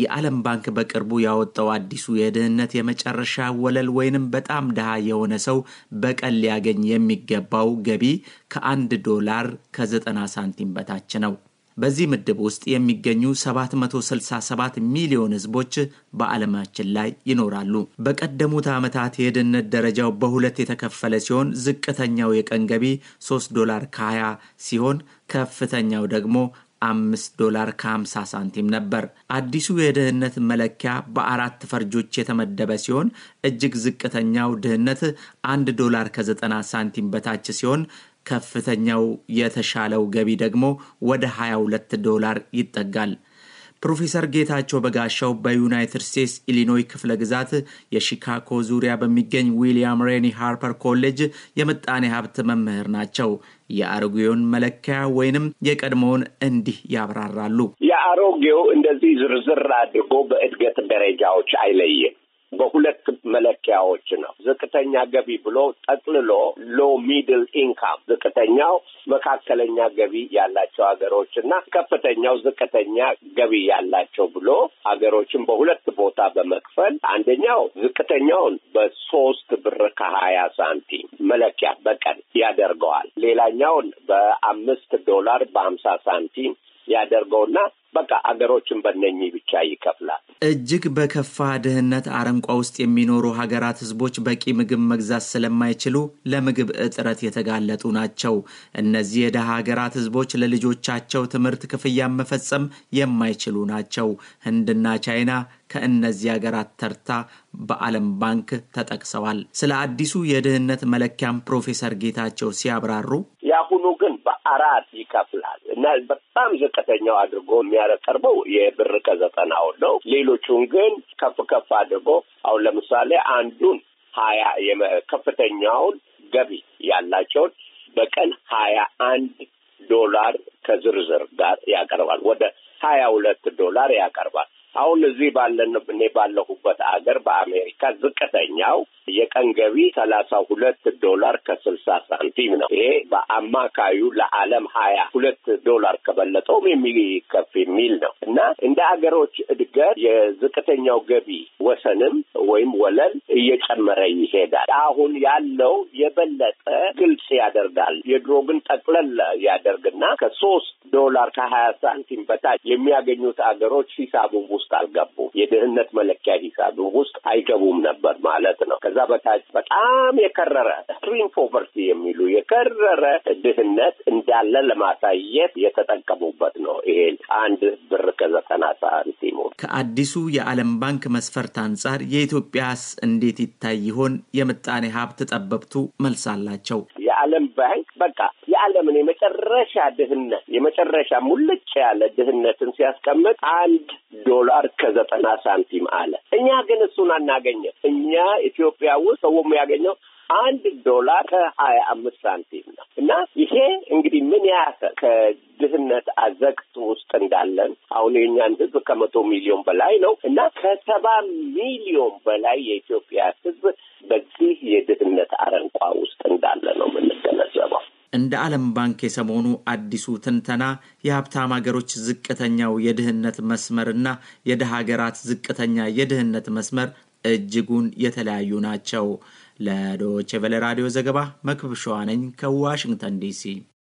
የዓለም ባንክ በቅርቡ ያወጣው አዲሱ የድህነት የመጨረሻ ወለል ወይንም በጣም ድሃ የሆነ ሰው በቀን ሊያገኝ የሚገባው ገቢ ከአንድ ዶላር ከ ከ90 ሳንቲም በታች ነው። በዚህ ምድብ ውስጥ የሚገኙ 767 ሚሊዮን ህዝቦች በዓለማችን ላይ ይኖራሉ። በቀደሙት ዓመታት የድህነት ደረጃው በሁለት የተከፈለ ሲሆን ዝቅተኛው የቀን ገቢ 3 ዶላር ከ20 ሲሆን ከፍተኛው ደግሞ አምስት ዶላር ከ50 ሳንቲም ነበር። አዲሱ የድህነት መለኪያ በአራት ፈርጆች የተመደበ ሲሆን እጅግ ዝቅተኛው ድህነት አንድ ዶላር ከ90 ሳንቲም በታች ሲሆን ከፍተኛው የተሻለው ገቢ ደግሞ ወደ 22 ዶላር ይጠጋል። ፕሮፌሰር ጌታቸው በጋሻው በዩናይትድ ስቴትስ ኢሊኖይ ክፍለ ግዛት የሺካጎ ዙሪያ በሚገኝ ዊሊያም ሬኒ ሃርፐር ኮሌጅ የምጣኔ ሀብት መምህር ናቸው። የአሮጌውን መለኪያ ወይንም የቀድሞውን እንዲህ ያብራራሉ። የአሮጌው እንደዚህ ዝርዝር አድርጎ በእድገት ደረጃዎች አይለይም። በሁለት መለኪያዎች ነው። ዝቅተኛ ገቢ ብሎ ጠቅልሎ ሎ ሚድል ኢንካም ዝቅተኛው መካከለኛ ገቢ ያላቸው ሀገሮች እና ከፍተኛው ዝቅተኛ ገቢ ያላቸው ብሎ ሀገሮችን በሁለት ቦታ በመክፈል አንደኛው ዝቅተኛውን በሶስት ብር ከሀያ ሳንቲም መለኪያ በቀን ያደርገዋል። ሌላኛውን በአምስት ዶላር በሀምሳ ሳንቲም ያደርገውና በቃ አገሮችን በነኚህ ብቻ ይከፍላል። እጅግ በከፋ ድህነት አረንቋ ውስጥ የሚኖሩ ሀገራት ህዝቦች በቂ ምግብ መግዛት ስለማይችሉ ለምግብ እጥረት የተጋለጡ ናቸው። እነዚህ የደሃ ሀገራት ህዝቦች ለልጆቻቸው ትምህርት ክፍያ መፈጸም የማይችሉ ናቸው። ህንድና ቻይና ከእነዚህ ሀገራት ተርታ በዓለም ባንክ ተጠቅሰዋል። ስለ አዲሱ የድህነት መለኪያም ፕሮፌሰር ጌታቸው ሲያብራሩ የአሁኑ ግን በአራት ይከፍላል እና በጣም ዝቅተኛው አድርጎ የሚያቀርበው የብር ከዘጠናውን ነው። ሌሎቹን ግን ከፍ ከፍ አድርጎ አሁን ለምሳሌ አንዱን ሀያ ከፍተኛውን ገቢ ያላቸውን በቀን ሀያ አንድ ዶላር ከዝርዝር ጋር ያቀርባል። ወደ ሀያ ሁለት ዶላር ያቀርባል። አሁን እዚህ ባለን እኔ ባለሁበት አገር በአሜሪካ ዝቅተኛው የቀን ገቢ ሰላሳ ሁለት ዶላር ከስልሳ ሳንቲም ነው። ይሄ በአማካዩ ለዓለም ሀያ ሁለት ዶላር ከበለጠውም የሚከፍ የሚል ነው እና እንደ አገሮች እድገት የዝቅተኛው ገቢ ወሰንም ወይም ወለል እየጨመረ ይሄዳል። አሁን ያለው የበለጠ ግልጽ ያደርጋል። የድሮ ግን ጠቅለል ያደርግና ከሶስት ዶላር ከሀያ ሳንቲም በታች የሚያገኙት አገሮች ሂሳቡ ውስጥ ውስጥ አልገቡም። የድህነት መለኪያ ሂሳብ ውስጥ አይገቡም ነበር ማለት ነው። ከዛ በታች በጣም የከረረ ስትሪም ፖቨርቲ የሚሉ የከረረ ድህነት እንዳለ ለማሳየት የተጠቀሙበት ነው። ይሄን አንድ ብር ከዘጠና ሳንቲም ከአዲሱ የዓለም ባንክ መስፈርት አንጻር የኢትዮጵያስ እንዴት ይታይ ይሆን? የምጣኔ ሀብት ጠበብቱ መልስ አላቸው። የዓለም ባንክ በቃ የዓለምን የመጨረሻ ድህነት የመጨረሻ ሙልጭ ያለ ድህነትን ሲያስቀምጥ አንድ ዶላር ከዘጠና ሳንቲም አለ። እኛ ግን እሱን አናገኘም። እኛ ኢትዮጵያ ውስጥ ሰው ያገኘው አንድ ዶላር ከሀያ አምስት ሳንቲም ነው እና ይሄ እንግዲህ ምን ያህል ከድህነት አዘቅት ውስጥ እንዳለን አሁን የእኛን ህዝብ ከመቶ ሚሊዮን በላይ ነው እና ከሰባ ሚሊዮን በላይ የኢትዮጵያ ህዝብ በዚህ የድህነት አረንቋ ውስጥ እንዳለ እንደ ዓለም ባንክ የሰሞኑ አዲሱ ትንተና የሀብታም ሀገሮች ዝቅተኛው የድህነት መስመርና የድሃ ሀገራት ዝቅተኛ የድህነት መስመር እጅጉን የተለያዩ ናቸው። ለዶቼ ቬለ ራዲዮ ዘገባ መክብሸዋ ነኝ ከዋሽንግተን ዲሲ